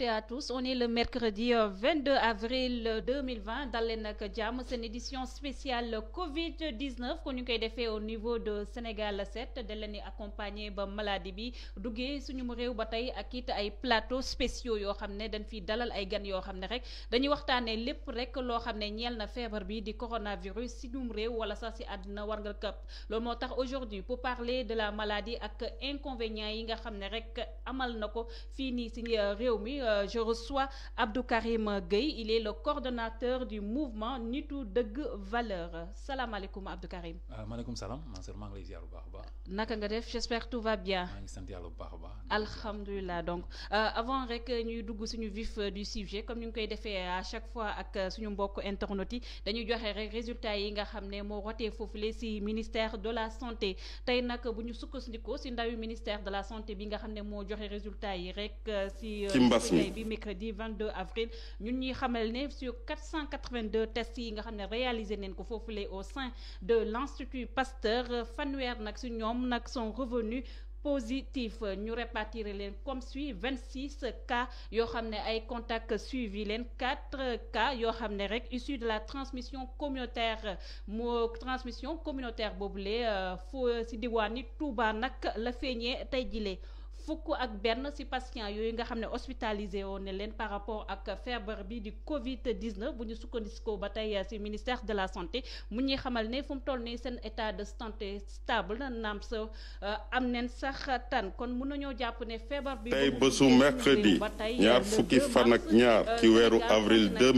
toutes et à tous on est le mercredi 22 euh, avril 2020 euh, jàmm seen édition spéciale Covid 19 koy defee au niveau de Sénégal 7 da leen di accompagner ba maladie bi duggee suñu réew ba tey ak it ay plateaux spéciaux yoo xam ne dañ fi dalal ay gan yoo xam ne rek dañuy waxtaanee lépp rek loo xam ne ñeel na feebar bi di coronavirus si ñum réew wala sax si àddina war nga këpp loolu moo tax aujourd'hui pour parler de la maladie ak inconvénients yi nga xam ne rek amal Euh, je reçois Abdou Karim Gueye il est le coordonnateur du mouvement Nitu Dëgg Valeur salaamaaleykum Abdou Karim. Euh, maaleykum salaam maa naka nga def j'espère tout va bien. maa donc euh, avant rek ñuy dugg suñu vif du sujet comme ni ñu koy defee chaque fois ak suñu mbokk internautes yi dañuy joxe rek résultat yi nga xam ne moo foofu foofule ci ministère de la santé tey nag bu ñu sukkandikoo ci ndawi ministère de la santé bi nga xam ne moo joxe résultats yi rek ci. ci tey bi mercredi 22 avril ñun ñuy xamal ne sur 482 tests yi nga xam ne réaliser neen ko foofulee au sein de l'Institut Pasteur fanweer nag si ñoom nag sont revenus positif ñu répartir leen comme suit vingt six cas yoo xam ne ay contacts suivi leen quatre cas yoo xam ne rek issu de la transmission communautaire moo transmission communautaire boobule euh, foo si diwaani Touba nag la feeñee tey jilee fukk ak benn ci patient yooyu nga xam ne hospitalisé woon ne leen par rapport ak feebar bi di Covid 19 bu ñu sukkandikoo ba tey ci ministère de la santé mu ñuy xamal ne fu mu toll nii seen état de santé stable naam sa euh, am neen sax tan kon mën nañoo jàpp ne feebar bi. tey bésu mercredi ñaar fukki fan ak ñaar ci euh, weeru avril deux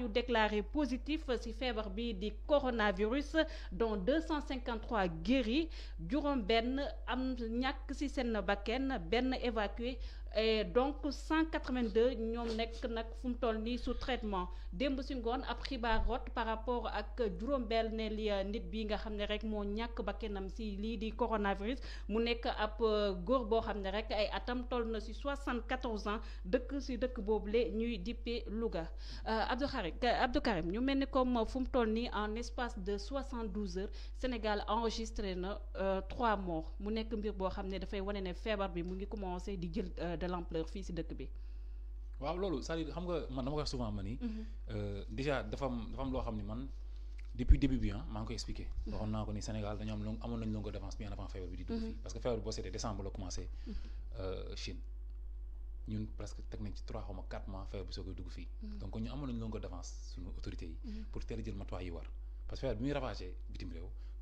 yu déclaré positif ci feebar bi di coronavirus dont 253 guéris juróom-benn am ñàkk ci. si seen bakken benn évacué et donc 182 ñoom nekk nag fu mu toll nii sous traitement démb si ngoon ab xibaar rot par rapport ak juróom-benneel euh, ne nit bi nga xam ne rek moo ñàkk bakkanam si lii di coronavirus mu nekk ab euh, góor boo xam ne rek ay atam toll na si 74 ans dëkk si dëkk boobule ñuy dippe Louga euh, Abdou Karim Abdou Karim ñu mel ni comme fu mu toll nii en espace de 72 heures Sénégal enregistré na 3 morts mu nekk mbir boo xam ne dafay wane ne feebar bi mu ngi commencé di jël. de l'ampleur fii si dëkk bi waaw loolu c'est-à-dire xam nga man dama koy souvent ma ni mhm. euh, déjà dafa am loo xam ni man depuis début bi ah maa ngi koy expliqué mhm. waxoon naa ko ni Sénégal dañoo am long amoon nañu longue d'avance bien avant feebar bi di dugg fii mhm. parce que feebar bi boo seetee décembre la commencé euh, Chine ñun presque teg nañ ci trois xaw ma quatre mois feebar bi soo koy dugg fii donc ñu amoon nañu longue d'avance suñu autorités yi pour teel a jël matuwaay bi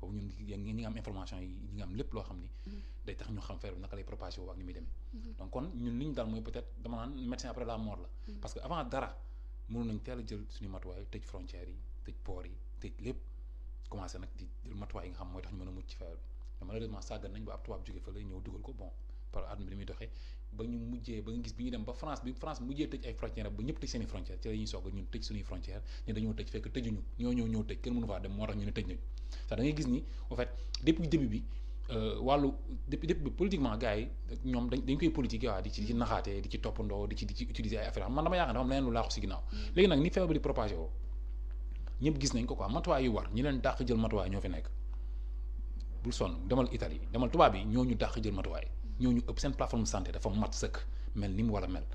foofu ñun ñi ngi am information yi ñi ngi am lépp loo xam ni. Mm-hmm. day tax ñu xam feebar bi naka lay propagé woo ni muy demee. Mm-hmm. donc kon ñun li daal mooy peut-être dama naan médecin après la mort la. Mm-hmm. parce que avant dara mënoon nañ teel a jël suñu matuwaay tëj frontières yi tëj port yi tëj lépp commencé nag jël matuwaay yi nga xam mooy tax ñu mën a mucc ci feebar bi. malheureusement sàggan nañ ba ab tubaab jóge fa ñëw dugal ko bon par adduna bi muy doxee ba ñu mujjee ba nga gis bi ñu dem ba France bi France mujjee tëj ay frontières ba ñëpp tëj seen i frontières ci la ñuy soog ñun tëj suñuy frontières ne dañoo tëj fekk tëjuñu ñoo ñoo ñoo tëj kenn mënu faa gis ni en fait depuis début bi euh, wàllu depuis depuis politiquement gars yi ñoom dañ dañ koy politique waaw di ci di ci ci toppandoo di ci di ci utiliser ay affaire man dama yaakaar dafa am mm. ñëpp gis nañ ko quoi matuwaay yu war ñi leen dàq jël matuwaay ñoo fi nekk bul sonn demal Italie demal tubaab yi ñoo ñu dàq jël matuwaay ñooñu ëpp seen plateforme santé dafa mat sëkk mel ni mu war a mel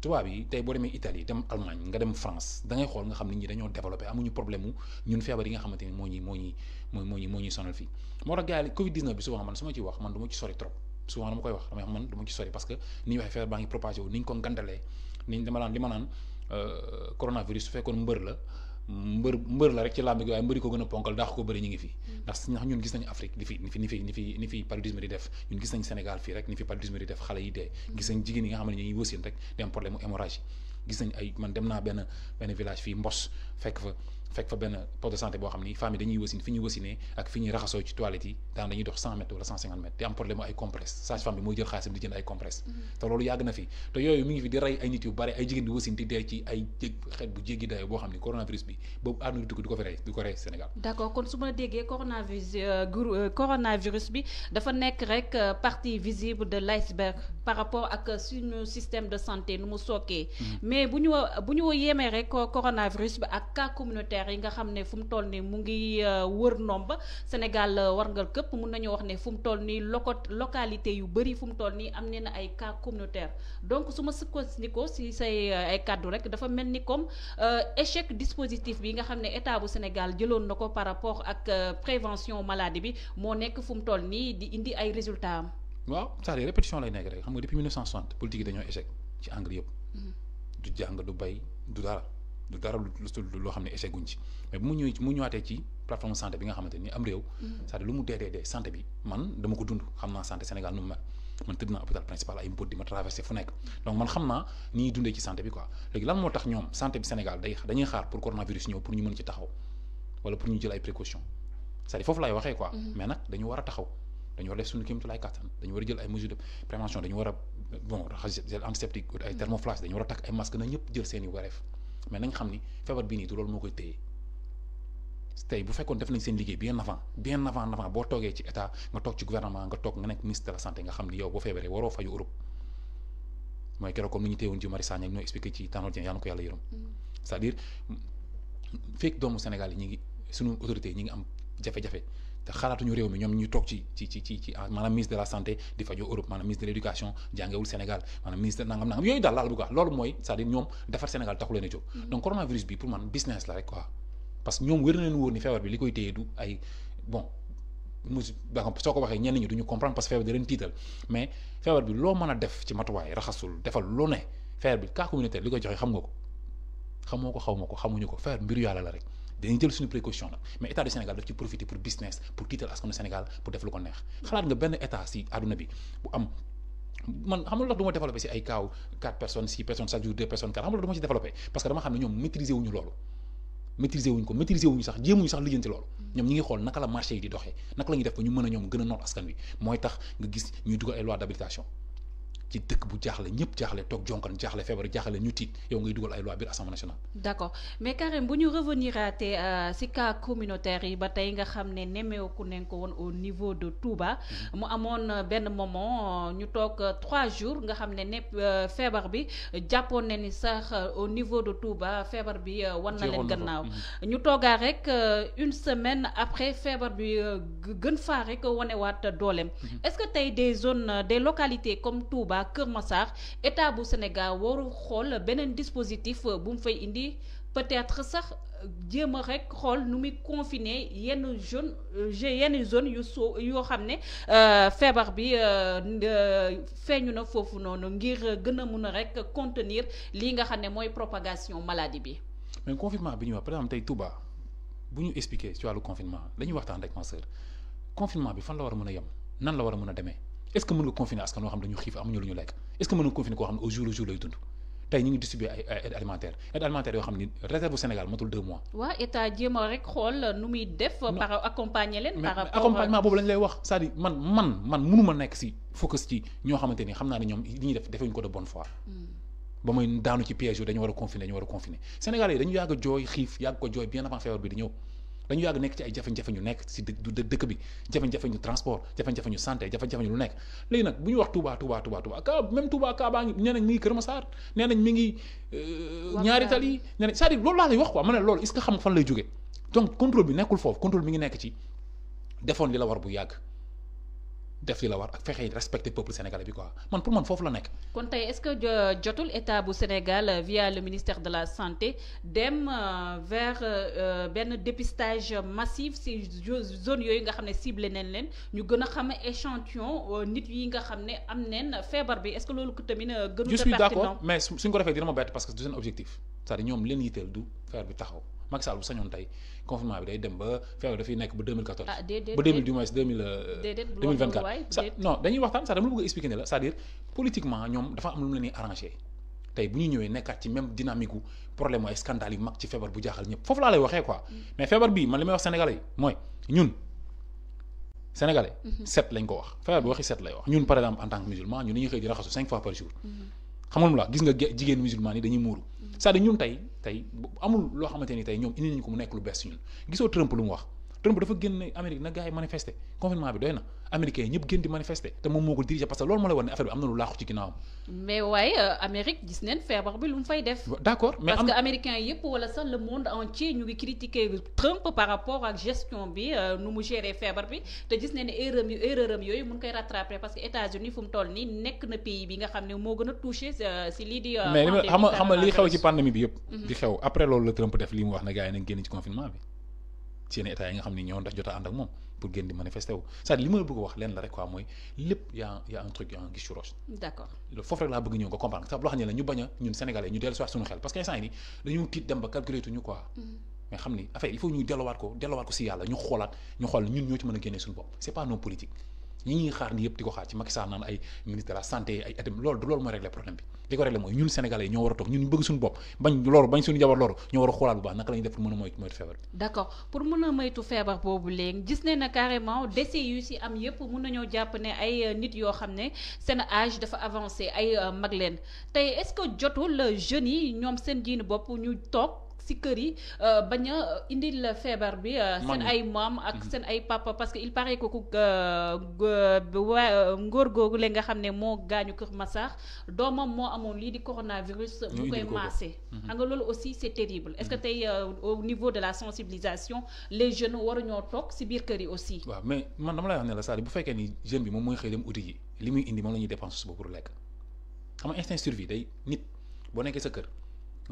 tubaab yi tey boo demee Italie dem Allemagne nga dem France da ngay xool nga xam ni ñi dañoo développé amuñu problème mu ñun feebar yi nga xamante ni moo ñuy moo ñuy moo moo ñuy moo ñuy sonal fii moo tax gars yi Covid 19 bi souvent man su ma ci wax man du ma ci sori trop souvent dama koy wax damay wax man du ma ci sori parce que ni ñu waxee feebar baa ngi propagé wu ni ñu ko ngandalee ni dama naan euh, la mbër mbër la rek ci làmb gi waaye mbëri ko gën a ponkal daax ko bëri ñu ngi fi ndax ndax ñun gis nañu Afrique li fi ni fi ni fi ni fi ni fi paludisme di def ñun gis nañ Sénégal fii rek ni fi paludisme di def xale yi dee mm-hmm. gis nañ jigéen yi nga xam ne ñu ngi wasin rek dem problème mu hémorragie gis nañ ay man dem naa benn benn village fii Mbos fekk fa fekk fa benn poste de santé boo xam ni femmes dañuy wasin fi ñuy wasinee ak fi ñuy raxasoo ci toilette yi daan dañuy dox cent mètres wala cent cinquante mètres di am problème ay compresse sage-femme bi mooy jël xaalisam di jënd ay compresse mm-hmm. te loolu yàgg na fi te yooyu mi ngi fi di rey ay nit yu bare ay jigéen di wasin di dee ci ay jég xeet bu jéggi dayo boo xam ni coronavirus bi boobu àdduna di tukki di ko rey Sénégal d'accord kon su ma déggee coronavirus euh, euh, militaire yi nga xam ne fu mu toll nii mu ngi euh, wër nomba Sénégal euh, war nga këpp mun nañu wax ne fu mu toll nii loko localité yu bëri fu mu toll nii am ne na ay cas communautaire donc su ma sukkandikoo si say euh, ay kàddu rek dafa mel ni comme échec dispositif bi nga xam ne état bu Sénégal jëloon na ko par rapport ak prévention maladie bi moo nekk fu mu toll nii di indi ay résultat am. waaw cest à répétition lay nekk rek xam nga depuis 1960 yi dañoo échec ci engrais yëpp. Mm-hmm. du jàng du dara lu loo xam ne échec guñ ci mais bu mu ñëwee mu ñëwaatee ci plateforme santé bi nga xamante ni am réew. cest à lu mu dee dee dee santé bi man dama ko dund xam naa santé Sénégal nu mu man tëdd naa hôpital principal ay mbóot di ma traversé fu nekk donc man xam naa ni ñuy dundee ci santé bi quoi léegi lan moo tax ñoom santé bi Sénégal day dañuy xaar pour coronavirus ñëw pour ñu mën ci taxaw wala pour ñu jël ay précautions cest à foofu laay waxee quoi. Mm-hmm. mais nag a taxaw. dañu war a def suñu kéemtulaay war a jël ay mesures de a bon raxas gel a takk ay masque na ñëpp mais nañ xam ni feebar bi nii du loolu moo koy téye tey bu fekkoon def nañ seen liggéey bien avant bien avant avant boo toogee ci état nga toog ci gouvernement nga toog nga nekk ministre de la santé nga xam ni yow boo feebaree waroo fayu Europe mooy keroog comme ni ñu téyewoon ji Mari Sagna ak ñoo expliqué ci Tanor Dieng yàlla na ko yàlla yërëm mm. c'est-à-dire fekk doomu Sénégal yi ñu ngi sunu autorité yi ngi am jafe-jafe te xalaatuñu réew mi ñoom ñu toog ci ci ci ci ci ah, maanaam ministre de la santé di fajoo Europe maanaam ministre de l'éducation jàngewul Sénégal a ministre nangam nangam yooyu daal laal bu loolu mooy c'est-à-dire ñoom defar Sénégal taxu leen a jóg mm-hmm. donc coronavirus bi pour man business la rek quoi parce que ñoom wér na leen wóor ni feebar bi li koy téye du ay bon musi soo ko waxee ñenn ñi duñu comprendre parce que feebar da leen tiital mais feebar bi loo mën a def ci matuwaay raxasul defal lu ne feebar bi cas communautaire li koy joxe xam nga ko xamoo ko xaw ma ko xamuñu ko feebar mbiru yàlla la rek dañuy jël suñu précaution la mais état du Sénégal daf ci profiter pour business pour tiital askanu Sénégal pour def lu ko neex xalaat nga benn état si àdduna bi bu am man xam nga lu tax ma développé si ay kaaw quatre personnes six personnes chaque jour deux personnes quatre xam nga lu tax parce que dama xam ne ñoom maîtriser wuñu loolu maîtriser wuñ ko maîtriser wuñu sax jéemuñu sax lijjanti loolu ñoom ñi ngi xool naka la marché yi di doxee naka la ci dëkk bu jaaxle ñëpp jaaxle toog jonkan jaaxle feebar jaaxle ñu tiit yow ngay dugal ay loi biir assemblée nationale. d' mais Karim bu ñu revenir aate euh, si cas communautaire yi ba tey nga xam ne nemmeeku nañ ko woon au niveau de Touba mu amoon benn moment euh, ñu toog euh, trois jours nga xam ne ne feebar bi jàppoon ne ni sax au niveau de Touba feebar bi wan na leen gannaaw mhm. ñu toogaa rek une semaine après feebar bi gën faa rek wanewaat dooleem mhm. est ce que tey des zones des localités comme Touba waa Kër Massar état bu Sénégal waru xool beneen dispositif bu mu fay indi peut-être sax jéem a rek xool nu muy confiner yenn zone euh, yenn zone yu soo yoo xam ne euh, feebar bi euh, feeñu na foofu noonu ngir gën a mun a rek contenir lii nga xam ne mooy propagation maladie bi. mais confinement bi ñu wax par exemple tey Touba bu ñu expliquer ci wàllu confinement dañuy waxtaan rek ma sœur confinement bi fan la war a mën a yem nan la war a mun a demee. est ce que mën nga confiner askan loo xam dañu xiif amuñu lu ñu lekk est ce que mën nga confiner koo xam ne au jour le jour lay dund tey ñu ngi distribuer ay aide alimentaire aide alimentaire yoo xam ne réserve Sénégal a rek xool nu man man man nekk si focus ci ñoo xamante ni xam naa ne ñoom li ñuy def defuñu ko de bonne foi. Hmm. ba muy daanu ci piège yooyu dañu war a confiner dañu war a confiner Sénégalais yi dañu yàgg jooy xiif yàgg ko jooy bien avant feebar bi dañu yàgg nekk ci ay jafe-jafe ñu nekk si dëkk bi jafe-jafe ñu transport jafe-jafe ñu santé jafe-jafe ñu lu nekk léegi nag bu ñu wax Touba Touba Touba Touba ka même Touba ka baa ngi nee nañ mi ngi Kër Massar nee nañ mi ngi euh, ñaari tali nee nañ c'est-à-dire loolu laa lay wax quoi ma ne loolu est xam que fan lay jóge donc contrôle bi nekkul foofu contrôle bi ngi nekk ci defoon li la war bu yàgg def li la war ak fexe respecter peuple sénégalais bi quoi man pour man foofu la nekk. kon tey est-ce que jotul état bu Sénégal euh, via le ministère de la santé dem euh, vers euh, benn dépistage massif ci zone yooyu nga xam ne ciblé nañ leen ñu gën a xam échantillon nit yi nga xam ne am neen feebar bi est-ce que loolu tamit gënu. je suis d'accord mais suñ ko defee dina ma bett parce que du seen objectif c'est-à-dire ñoom leen yitteel du feebar bi taxaw. Macky Sall bu sañoon tey confinement bi day dem ba feew dafay nekk ba 2014. ah déedéet ba 2000 du moins 2000. Euh, déedéet 2024 sa non dañuy waxtaan sax dama la bëgg a expliquer ne la c'est-à-dire politiquement ñoom dafa am lu mu leen di arrangé tey bu ñu ñëwee nekkaat ci même dynamique gu problème ay scandale yu mag ci feebar bu jaaxal ñëpp foofu laa lay waxee quoi. Mm. mais feebar bii man li may wax sénégalais yi mooy ñun. sénégalais. Mm-hmm. set lañ ko wax feebar bi waxi set lay wax ñun par exemple en tant que musulman ñun dañuy xëy di raxasu cinq fois par jour. Mm-hmm. xam nga lu ma la wax gis nga jigéen musulman yi dañuy muuru c'est-à-dire ñun tey tey amul loo xamante ni tey ñoom indi nañu ko mu nekk lu bees ñun gisoo Trump lu mu wax Trump dafa génn Amérique na gars yi manifester confinement bi doy na américains yi ñëpp gën di manifester te moom moo ko diriger parce que loolu moo lay wan ne affaire bi am na lu laaxu ci ginnaawam. mais waaye euh, Amérique gis neen feebar bi lu mu fay def. d' accord mais parce que américains yëpp wala sax le monde entier ñu ngi critiquer Trump par rapport ak gestion bi euh, nu mu gérer feebar bi te gis nañ ne erreur am erreur yooyu mun koy rattraper parce que États-Unis fu mu toll nii nekk na pays bi nga xam ne moo gën a touché euh, si lii di. mais li ma xam nga xam bi. seen état yi nga xam ni ñoo ndax jot ànd ak moom pour gën di manifester wu cest à li ma bëgg wax leen la rek quoi mooy lépp yaa yaa truc yaa un guichet rouge d'accord foofu rek laa bëgg ñëw nga comprendre sax loo xam ne la ñu bañ a ñun sénégalais ñu dellu si suñu xel parce que instant yi dañu tiit dem ba calculer tuñu quoi mm-hmm. mais xam ni affaire il faut ñu delluwaat ko delluwaat ko si yàlla ñu xoolaat ñu xool ñun ñoo ci mën a génnee suñu ñi ñuy xaar ni yëpp di ko xaar ci Macky Sall naan ay ministre la santé ay atam loolu loolu mooy régler problème bi li ko régler mooy ñun sénégalais yi ñoo war a toog ñun ñu bëgg suñu bopp bañ loolu bañ suñu jabar loolu ñoo war a xoolaat bu baax naka la def pour mën a moytu moytu feebar bi d' accord pour mën a moytu feebar boobu léegi gis ne na carrément décès yu si am yëpp mën nañoo jàpp ne ay euh, nit yoo xam ne seen âge dafa avancé ay euh, mag leen tey est ce que jotul euh, jeunes yi ñoom seen diin bopp ñu toog si kër yi euh, bañ a indil feebar bi euh, seen ay maam ak mhm. seen ay papa parce que il paraît que ku euh, ngóor googu la nga xam ne moo gaañu Kër Massar doomam moo amoon lii di coronavirus bu koy maase mhm. xam nga loolu aussi c'est terrible est-ce que mhm. tey au niveau de la sensibilisation les jeunes ñoo toog si biir kër yi aussi waaw mais man dama lay wax ne la Sadio bu fekkee ni jeune bi moom mooy xëy dem uti ji li muy indi moom la ñuy dépense suba pour lekk xam nga instinct survie day nit boo nekkee sa kër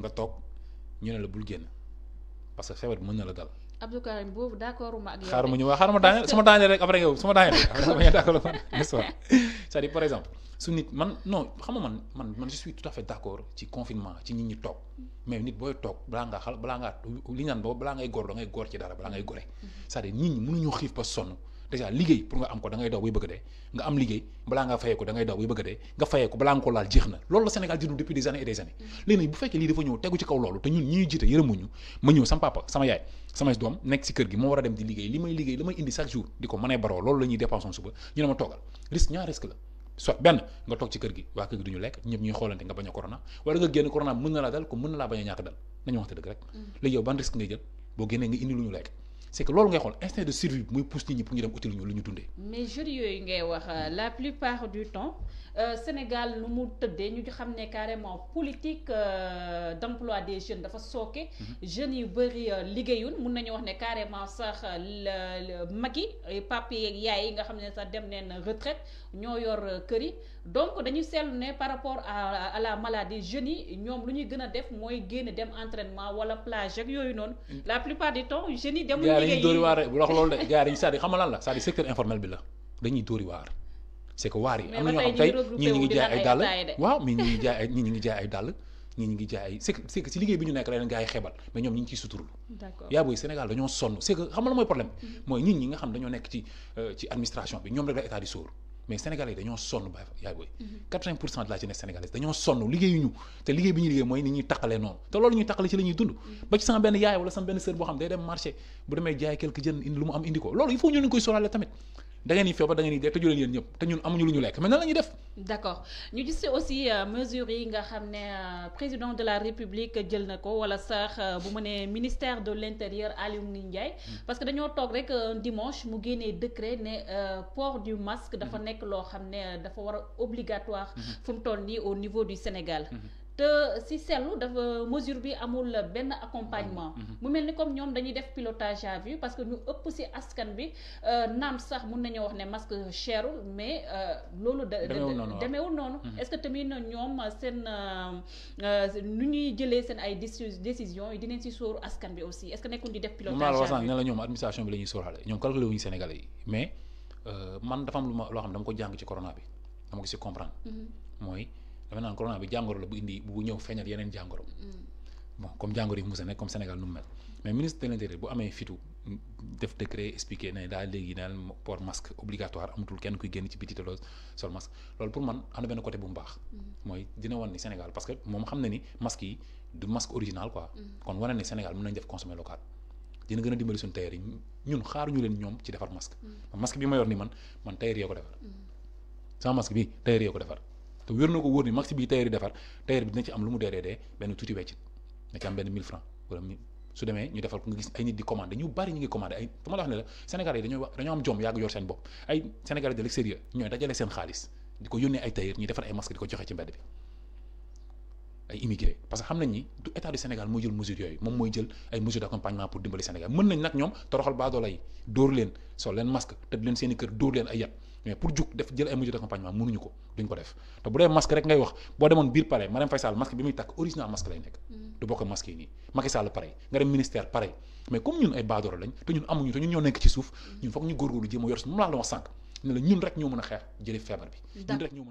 nga toog ñu ne la bul génn parce que feebar bi mën na la dal. Abdou Karim boobu d'accord ma ak yow. xaaral ma ñëw xaaral ma daaneel su ma daaneel rek après yow su ma daaneel rek après nga d'accord n'est-ce pas cest su nit man non xam nga man man man je suis tout ci confinement ci nit ñi toog mais nit booy toog balaa ngaa xal balaa ngaa li ñu naan boobu balaa ngay góor da ngay góor ci dara balaa ngay gore mm-hmm. c'est-à-dire nit ñi mënuñu xiif ba sonn. déjà liggéey pour nga am ko da ngay daw buy bëgg dee nga am liggéey balaa ngaa fayee ko da ngay daw buy bëgg dee nga fayee ko balaa nga ko laal jeex na loolu la Sénégal di depuis des années et des années mm-hmm. léegi bu fekkee lii dafa ñëw tegu ci kaw loolu te ñun ñi ñuy yërëmuñu ma ñëw sama papa sama yaay sama doom nekk si kër gi moo war a dem di liggéey li may liggéey li may indi chaque jour di ko mënee baroo loolu la ñuy suba ñu ne c'est que loolu ngay xool instinct de survie bi muy pousse nit ñi ñu dem uti lu ñu dundee. mais yooyu ngay wax euh, la plupart du temps. Euh, Sénégal lu mu tëddee ñu xam ne carrément politique euh, d'emploi des jeunes dafa sooke mhm. jeune yu bëri euh, liggéeyul mun nañu wax ne carrément sax mag yi papa yeeg yaay yi nga xam ne sax dem neen retraite ñoo yor kër yi donc dañu seetlu ne par rapport à la maladie jeunes yi ñoom lu ñuy gën a def mooy génn dem entraînement wala plage ak yooyu noonu mm. la plupart du temps jeunes yi demul liggéey yi gars yi bu wax loolu de gars yi dañuy cest la c'est-à-dire secteur informel bi la dañuy c'est que waar yi am na ñoo xam tey ñii ñu ngi te loolu ñuy taqale ci la dund mm-hmm. ba ci sama benn yaay wala sama benn sœur boo xam day dem marché bu demee jaay quelque jën lu mu am indi ko loolu il faut ñu leen koy sóoraale tamit da ngeen di feebar da ngeen di dee te ju leen ñëpp te ñun amuñu lu ñu lekk mais nan la def. d' accord ñu gis aussi euh, mesures yi nga xam ne euh, président de la république jël na ko wala sax euh, bu mu ne ministère de l' intérieur Alioune Ndiaye. Hmm. parce que dañoo toog rek dimanche mu génnee décret ne port du masque. dafa hmm. nekk loo xam ne dafa war a obligatoire. Hmm. fu mu toll nii au niveau du Sénégal. te si seetlu dafa mesure bi amul benn accompagnement. Mm-hmm. Mm-hmm. mu mel ni comme ñoom dañuy def pilotage à vue parce que ñu ëpp si askan bi euh, naam sax mun nañoo wax ne masque cherul mais euh, loolu. demeewul noonu mm-hmm. est-ce que tamit ñoom seen euh, nu ñuy jëlee seen ay décision yi dinañ si sóoru askan bi aussi est-ce que nekkul di def. pilotage à vue moom ne la ñoom administration yi mais man dafam lu ma loo xam dama ko jàng ci corona bi dama ko si comprendre. mooy. dama naan corona bi jàngoro la bu indi bu ñëw feeñal yeneen jàngoro. Mm. bon comme jàngoro yi mu mës a nekk comme Sénégal nu mu mel. mais ministre de l'intérieur bu amee fitu def décret expliqué ne daal léegi daal port masque obligatoire amatul kenn kuy génn ci biti te loolu sol masque loolu pour man am na benn côté bu mu baax. Mm. mooy dina wan ni Sénégal parce que moom xam ne ni masque yi du masque original quoi. Mm. kon wane ne Sénégal mën nañ def consommer local. dina gën a dimbali suñu tailleur yi ñun leen ñoom ci defar masque. masque bi ma yor ni man man tailleur yee ko bi tailleur ko defar. te wér na ko wóor ni maxi bi tailleur yi defar tailleur bi demee ñu defal ko nga gis ay bari ñu ngi commandé ne la Sénégalais yi dañoo dañoo am jom yàgg yor seen bopp ay Sénégalais de xaalis di ko yónnee ay tailleur ñuy defar ay masques di ko joxe ci mbedd bi ay immigré parce que xam nañ ni du état du Sénégal mooy jël mesure yooyu moom mooy jël ay mesures d'accompagnement pour dimbali Sénégal mën nañ nag ñoom toroxal baadoola yi dóor leen sol leen masque tëdd leen seen kër dóor leen ay yat mais pour jug def jël ay mesures d'accompagnement mënuñu ko duñ ko def te bu dee masque rek ngay wax boo demoon biir palais Marème Faye Sall masque bi muy takk original masque lay nekk mm. du bokk masque nii Macky Sall nga dem ministère pareil mais comme ñun ay baadoolo lañ te ñun amuñu te ñun ñoo nekk ci suuf ñun foog ñu góorgóorlu jéem a yor moom laa la wax sànq ne ñun rek ñoo mën a xeex jëlee feebar bi ñun rek ñoo mën